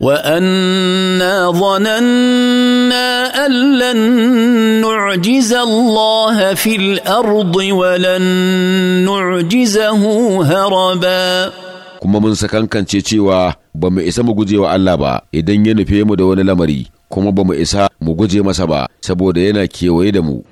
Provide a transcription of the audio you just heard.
وانا ظننا ان لن نعجز الله في الارض ولن نعجزه هربا kuma mun sakankance cewa ba mu isa mu guje wa Allah ba idan ya nufe mu da wani lamari kuma ba mu isa mu guje masa ba saboda yana kewaye da mu